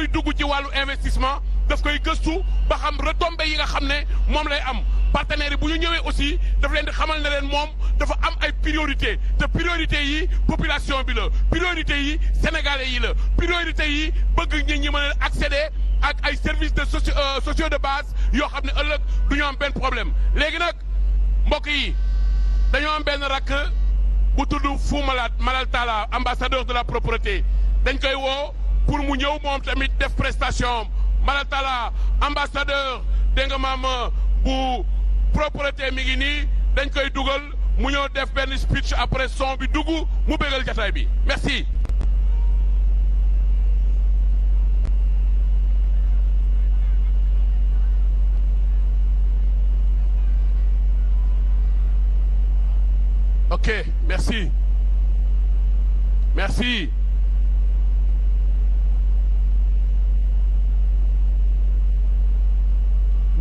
buy dugg ci wàllu investissement daf koy gëstu ba xam retombées yi nga xam ne moom lay am partenaires yi bu ñu ñëwee aussi daf leen di xamal na leen moom dafa am ay priorité te priorité yi population bi la priorité yi sénégalais yi la priorité yi bëgg ñi ñi mën a accéder ak ay services de socio euh, sociaux de base yoo xam ne ëllëg du ñu am benn problème léegi nag mbokk yi dañoo am benn rakk bu tudd Fou Malade Malal Talla ambassadeur de la propreté dañ koy woo pour mu ñëw moom tamit def prestation malatala ambassadeur dégg nga maam bu propreté mi ngi nii dañ koy dugal mu ñëw def benn speech après son bi dugg mu bégal jataay bi merci ok merci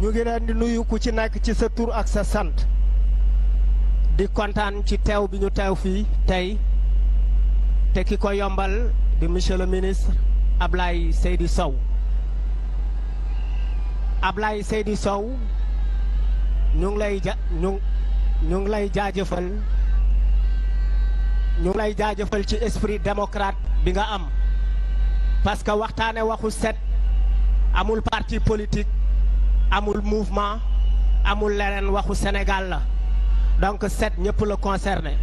ñu ngi leen di nuyu ci nekk ci sa tur ak sa sant di kontaan ci teew bi ñu teew fii tey te ki ko yombal di monsieur le ministre Ablaye Seydou Sow Ablaye Seydou Sow ñu ngi lay ja ñu ñu ngi lay jaajëfal ñu ngi lay jaajëfal ci esprit démocrate bi nga am parce que waxtaane waxu set amul parti politique amul mouvement amul leneen waxu Sénégal la donc set ñëpp la concerné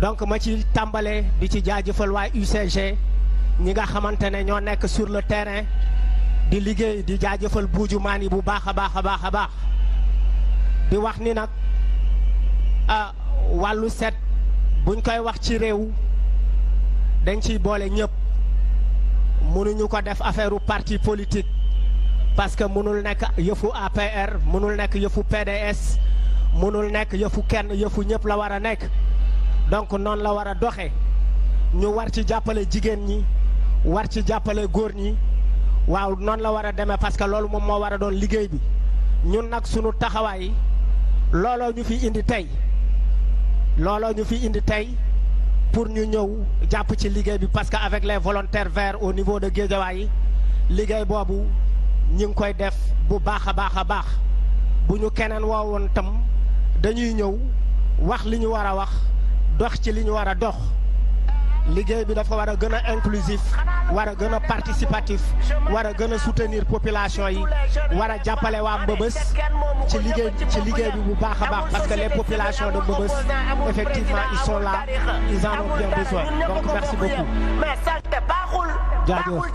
donc ma ci tàmbale di ci jaajëfal waa UCG ñi nga xamante ne ñoo nekk sur le terrain di liggéey di jaajëfal buuju maan yi bu baax a baax a baax a baax di wax ni nag ah wàllu set buñ koy wax ci réew dañ ciy boole ñëpp mënuñu ko def affaire u parti politique parce que mënul nekk yëfu APR mënul nekk yëfu PDS mënul nekk yëfu kenn yëfu ñëpp la war a nekk donc noonu la war a doxe ñu war ci jàppale jigéen ñi war ci jàppale góor ñi waaw noonu la war a demee parce que loolu moom moo war a doon liggéey bi ñun nag sunu taxawaay looloo ñu fi indi tey looloo ñu fi indi tey pour ñu ñëw jàpp ci liggéey bi parce que avec les volontaires verts au niveau de Guédiawaye liggéey boobu ñi ngi koy def bu baax a baax a baax bu ñu keneen woon tam dañuy ñëw wax li ñu war a wax dox ci li ñu war a dox liggéey bi dafa war a gën a inclusif war a gën a participatif war a gën a soutenir population yi war a jàppale waa Mbëbës ci liggéey ci liggéey bi bu baax a baax parce que les populations de Mbëbës effectivement ils sont là ils en donc merci beaucoup jaajëf